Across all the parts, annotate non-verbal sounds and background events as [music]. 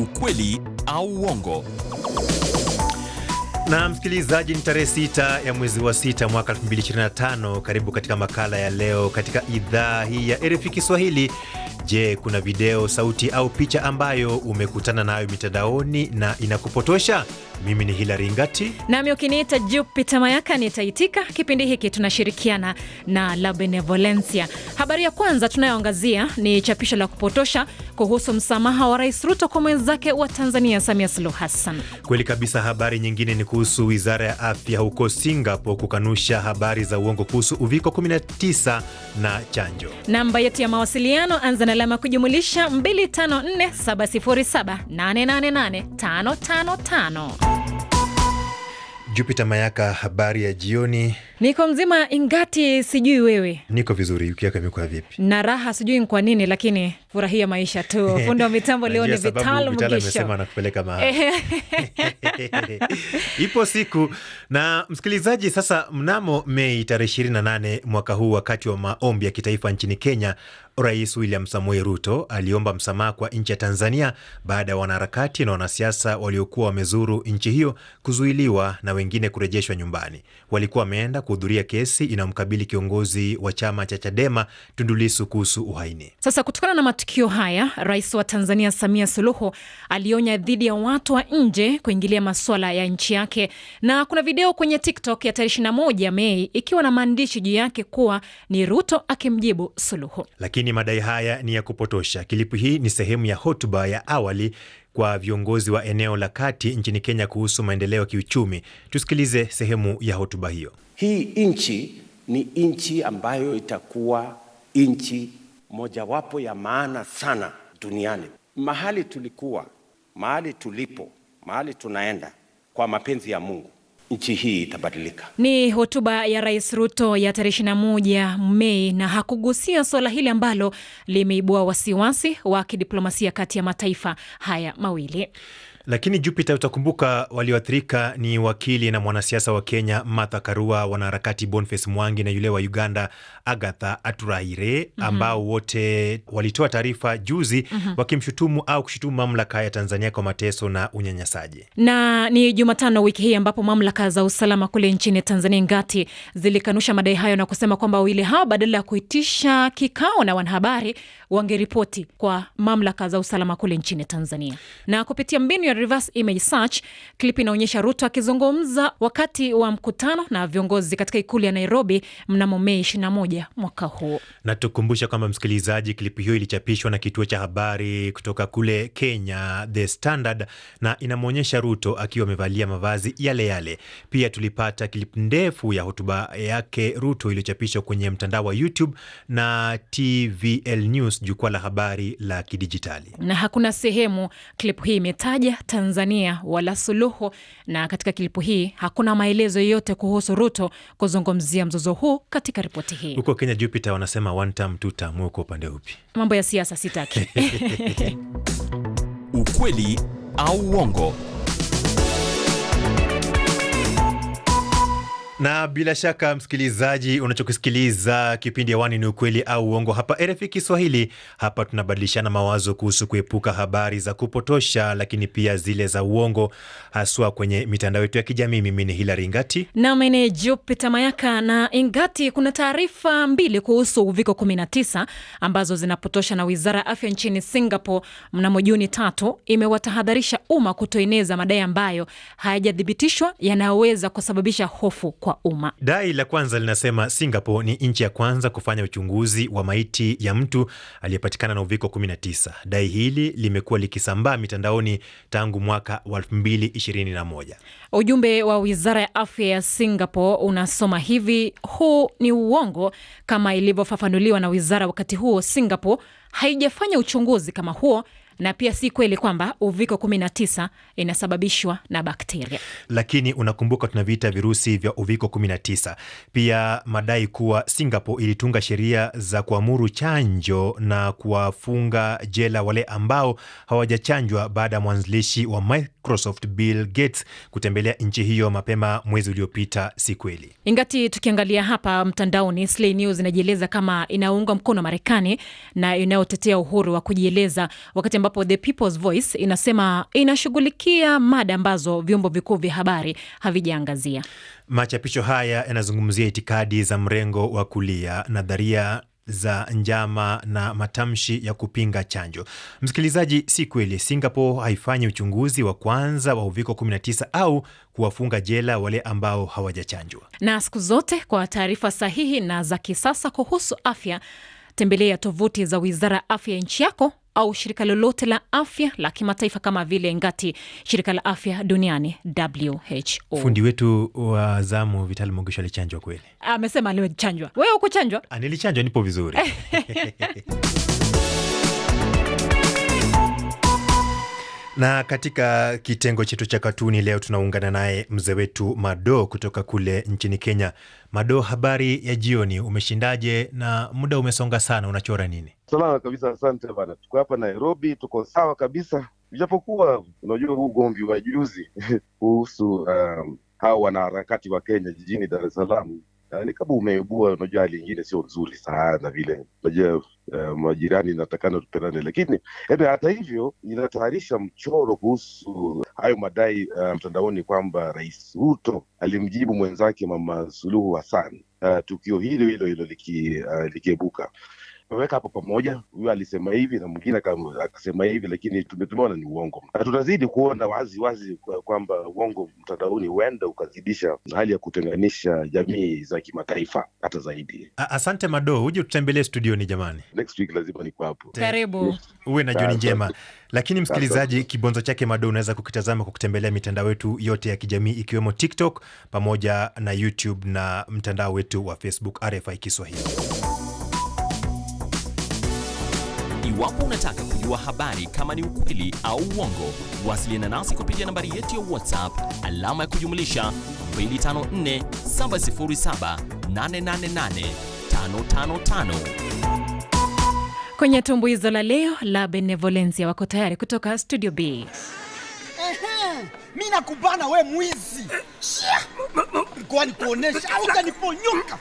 ukweli au uongo. Na msikilizaji, ni tarehe sita ya mwezi wa sita mwaka 2025. Karibu katika makala ya leo katika idhaa hii ya RFI Kiswahili Je, kuna video, sauti au picha ambayo umekutana nayo mitandaoni na inakupotosha? Mimi ni Hilari Ngati nami ukiniita Jupita Mayaka nitaitika. Kipindi hiki tunashirikiana na La Benevolencia. Habari ya kwanza tunayoangazia ni chapisho la kupotosha kuhusu msamaha wa Rais Ruto kwa mwenzake wa Tanzania Samia Suluhu Hassan. Kweli kabisa. Habari nyingine ni kuhusu wizara ya afya huko Singapore kukanusha habari za uongo kuhusu uviko 19 na chanjo. Namba yetu ya mawasiliano anza na alama ya kujumulisha 254707888555. Jupiter Mayaka, habari ya jioni. Niko mzima ingati, sijui wewe. Niko vizuri, wiki yako imekuwa vipi? Na raha, sijui kwa nini, lakini furahia maisha tu. [laughs] Fundi wa mitambo leo ni Vital Mugisho anakupeleka mahali [laughs] ipo siku. Na msikilizaji, sasa mnamo Mei tarehe nane mwaka huu, wakati wa maombi ya kitaifa nchini Kenya, Rais William Samoei Ruto aliomba msamaha kwa nchi ya Tanzania baada ya wanaharakati na wanasiasa waliokuwa wamezuru nchi hiyo kuzuiliwa na wengine kurejeshwa nyumbani. Walikuwa wameenda kuhudhuria kesi inayomkabili kiongozi wa chama cha Chadema tundulisu kuhusu uhaini. Sasa kutokana na matukio haya, rais wa Tanzania Samia Suluhu alionya dhidi ya watu wa nje kuingilia masuala ya nchi yake, na kuna video kwenye TikTok ya tarehe 21 Mei ikiwa na maandishi juu yake kuwa ni Ruto akimjibu Suluhu, lakini madai haya ni ya kupotosha. Kilipu hii ni sehemu ya hotuba ya awali kwa viongozi wa eneo la kati nchini Kenya kuhusu maendeleo ya kiuchumi. Tusikilize sehemu ya hotuba hiyo. Hii nchi ni nchi ambayo itakuwa nchi mojawapo ya maana sana duniani. Mahali tulikuwa, mahali tulipo, mahali tunaenda, kwa mapenzi ya Mungu nchi hii itabadilika. Ni hotuba ya Rais Ruto ya tarehe 21 Mei, na hakugusia suala hili ambalo limeibua wasiwasi wa kidiplomasia kati ya mataifa haya mawili. Lakini Jupiter, utakumbuka walioathirika ni wakili na mwanasiasa wa Kenya Martha Karua, wanaharakati Boniface Mwangi na yule wa Uganda Agatha Aturaire mhm. ambao mm -hmm. wote walitoa taarifa juzi mm -hmm. wakimshutumu au kushutumu mamlaka ya Tanzania kwa mateso na unyanyasaji. Na ni Jumatano wiki hii ambapo mamlaka za usalama kule nchini Tanzania ngati zilikanusha madai hayo na kusema kwamba wawili hawa badala ya kuitisha kikao na wanahabari wangeripoti kwa mamlaka za usalama kule nchini Tanzania na kupitia mbinu ya reverse image search, klipu inaonyesha Ruto akizungumza wakati wa mkutano na viongozi katika ikulu ya Nairobi mnamo Mei 21 mwaka huu. Na tukumbusha kwamba msikilizaji, klipu hiyo ilichapishwa na kituo cha habari kutoka kule Kenya, The Standard, na inamwonyesha Ruto akiwa amevalia mavazi yale yale. Pia tulipata klipu ndefu ya hotuba yake Ruto iliyochapishwa kwenye mtandao wa YouTube na TVL News, jukwaa la habari la kidijitali, na hakuna sehemu klipu hii imetaja Tanzania wala suluhu. Na katika kilipu hii hakuna maelezo yoyote kuhusu Ruto kuzungumzia mzozo huu katika ripoti hii. Huko Kenya Jupiter wanasema one term, two term, uko upande upi? Mambo ya siasa sitaki. [laughs] [laughs] Ukweli au uongo na bila shaka msikilizaji, unachokisikiliza kipindi hewani ni ukweli au uongo, hapa RFI Kiswahili. Hapa tunabadilishana mawazo kuhusu kuepuka habari za kupotosha, lakini pia zile za uongo, haswa kwenye mitandao yetu ya kijamii. Mimi ni Hilari Ngati nami ni Jupita Mayaka. Na Ingati, kuna taarifa mbili kuhusu uviko 19 ambazo zinapotosha, na wizara ya afya nchini Singapore mnamo Juni tatu imewatahadharisha umma kutoeneza madai ambayo hayajathibitishwa yanayoweza kusababisha hofu kwa umma. Dai la kwanza linasema Singapore ni nchi ya kwanza kufanya uchunguzi wa maiti ya mtu aliyepatikana na uviko 19. Dai hili limekuwa likisambaa mitandaoni tangu mwaka wa 2021. Ujumbe wa wizara ya afya ya Singapore unasoma hivi: huu ni uongo. Kama ilivyofafanuliwa na wizara wakati huo, Singapore haijafanya uchunguzi kama huo na pia si kweli kwamba uviko 19 inasababishwa na bakteria, lakini unakumbuka tunaviita virusi vya uviko 19. Pia madai kuwa Singapore ilitunga sheria za kuamuru chanjo na kuwafunga jela wale ambao hawajachanjwa baada ya mwanzilishi wa Mike Microsoft Bill Gates kutembelea nchi hiyo mapema mwezi uliopita, si kweli. Ingati tukiangalia hapa mtandaoni, Slay News inajieleza kama inaunga mkono Marekani na inayotetea uhuru wa kujieleza, wakati ambapo The People's Voice inasema inashughulikia mada ambazo vyombo vikuu vya habari havijaangazia. Machapisho haya yanazungumzia itikadi za mrengo wa kulia, nadharia za njama na matamshi ya kupinga chanjo. Msikilizaji, si kweli Singapore haifanyi uchunguzi wa kwanza wa uviko 19 au kuwafunga jela wale ambao hawajachanjwa. Na siku zote kwa taarifa sahihi na za kisasa kuhusu afya, tembelea tovuti za Wizara ya Afya ya nchi yako au shirika lolote la afya la kimataifa kama vile ngati shirika la afya duniani WHO. Fundi wetu wa zamu Vitali Mugisho alichanjwa kweli? Amesema alichanjwa. Wewe ukuchanjwa? Ah, nilichanjwa, nipo vizuri [laughs] Na katika kitengo chetu cha katuni leo tunaungana naye mzee wetu Mado kutoka kule nchini Kenya. Mado, habari ya jioni, umeshindaje? Na muda umesonga sana, unachora nini? Salama kabisa, asante bana. Tuko hapa Nairobi, tuko sawa kabisa, ijapokuwa unajua huu ugomvi wa juzi [laughs] kuhusu um, hawa wanaharakati wa Kenya jijini Dar es Salaam Uh, ni kama umeibua, unajua hali ingine sio nzuri sana vile, unajua uh, majirani inatakana tupenane, lakini ebe, yaani hata hivyo inatayarisha mchoro kuhusu hayo madai uh, mtandaoni kwamba Rais Ruto alimjibu mwenzake Mama Suluhu Hassan uh, tukio hilo hilo hilo likiebuka uh, weka hapo pamoja, huyo alisema hivi na mwingine akasema hivi, lakini tumeona ni uongo, na tutazidi kuona wazi wazi kwamba uongo mtandaoni huenda ukazidisha hali ya kutenganisha jamii za kimataifa hata zaidi. Asante Mado, huje tutembelee studioni jamani, next week lazima niko hapo. Karibu, uwe na jioni njema. Lakini msikilizaji, kibonzo chake Mado unaweza kukitazama kwa kutembelea mitandao yetu yote ya kijamii ikiwemo TikTok pamoja na YouTube na mtandao wetu wa Facebook RFI Kiswahili. Iwapo unataka kujua habari kama ni ukweli au uongo, wasiliana nasi kupitia nambari yetu ya WhatsApp alama ya kujumlisha 25477888555 Kwenye tumbuizo la leo la Benevolencia wako tayari kutoka Studio B mi mimi nakubana we mwizi. Ngoja nikuonesha au utaniponyoka.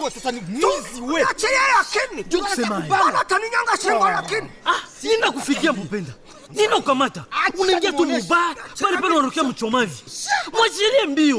kwa sasa ni mwizi we. Acha yeye akeni. Juu bana Ataninyanga shingo ah. lakini. Ah, sina kufikia mpenda nini ukamata, unaingia tu mubaa bali pale unarukia mchomavi, mwachilie mbio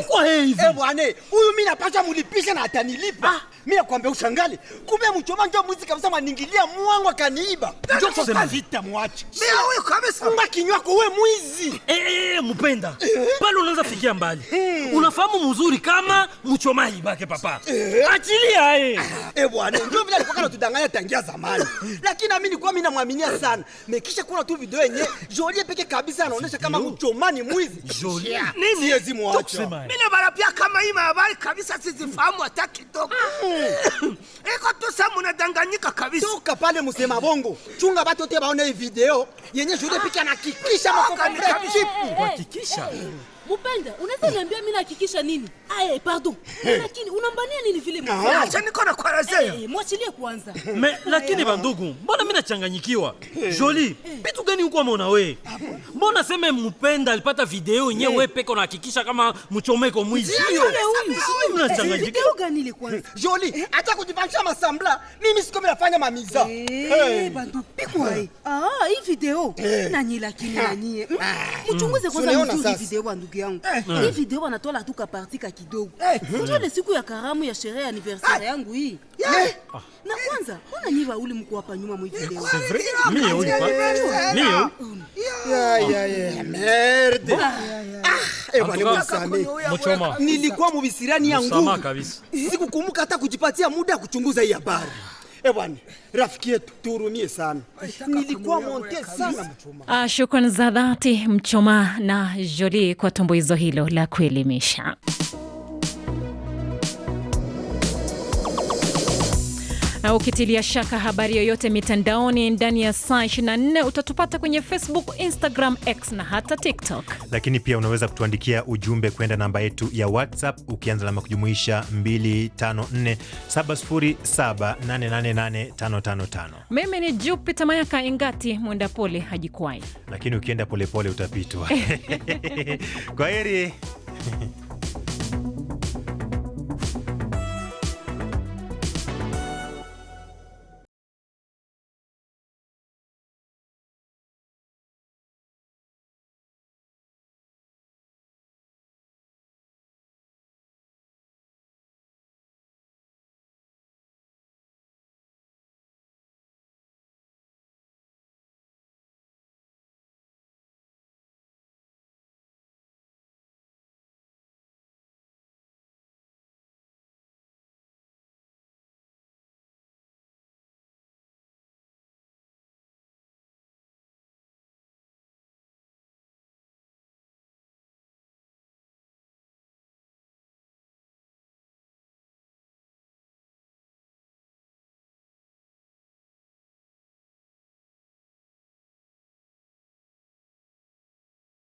uko hivi eh bwana. Huyu mimi napata mulipisha na atanilipa ah. mimi. Nakwambia ushangali, kumbe mchoma ndio mwizi kabisa, maningilia mwangu akaniiba. Ndio kusema vita muache mimi huyu kabisa, funga kinywa kwa wewe mwizi. Eh eh, eh mpenda eh. pale unaanza fikia mbali, hmm. unafahamu mzuri kama mchomaji bake papa, eh. achilia eh eh bwana, ndio vile alikuwa anatudanganya tangia zamani, [laughs] lakini mimi nilikuwa mimi namwaminia sana mekisha kuna tu video yenye Jolie peke kabisa anaonesha kama kuchoma ni mwizi. Jolie nini yezi mwacha. Mimi na bara pia kama hii habari kabisa sizifahamu hata kidogo. Eko ah. tu sasa mnadanganyika kabisa. Toka pale msema bongo. Chunga watu wote baone hii video yenye Jolie peke anahakikisha ah, makofi kabisa. Hakikisha. Mupenda, unaweza niambia mimi nahakikisha nini? Aye, pardon. Lakini unambania nini vile mwanangu? Acha niko na kuelezea. Eh, mwachilie kwanza. Me, lakini bandugu, mbona mimi nachanganyikiwa? Jolie, vitu gani huko umeona wewe? Mbona sema mpenda alipata video yenyewe wewe peke hakikisha kama mchomeko mwizi. Sio huyu. Sio nachanganyikiwa. Video gani ile kwanza? Jolie, acha kujipangisha masambla. Mimi siko mimi nafanya mamiza. Eh, bandugu, wewe. Ah, hii video. Nani lakini nani? Hmm. Mchunguze kwanza video wa rafiki yangu eh. hii eh. video wanatola tu kaparti ka kidogo, eh. ndio hmm. ni siku ya karamu ya sherehe anniversaire ah. yangu hii. Ah. Na kwanza mbona nyi wauli mko hapa nyuma mwa video? Mimi yoni mimi ya ya ya ah. merde nilikuwa mubisirani ya nguvu, sikukumbuka hata kujipatia muda ya kuchunguza hii habari. E bwana, rafiki yetu tuhurumie sana, nilikuwa monte sana Mchoma. Ah, shukrani za dhati Mchoma na Jolie kwa tumbuizo hilo la kuelimisha. Ukitilia shaka habari yoyote mitandaoni ndani ya saa 24 utatupata kwenye Facebook, Instagram, X na hata TikTok. Lakini pia unaweza kutuandikia ujumbe kwenda namba yetu ya WhatsApp ukianza alama kujumuisha 254707888555. Mimi ni Jupita Mayaka, ingati mwenda pole hajikwai, lakini ukienda polepole utapitwa. [laughs] Kwa heri.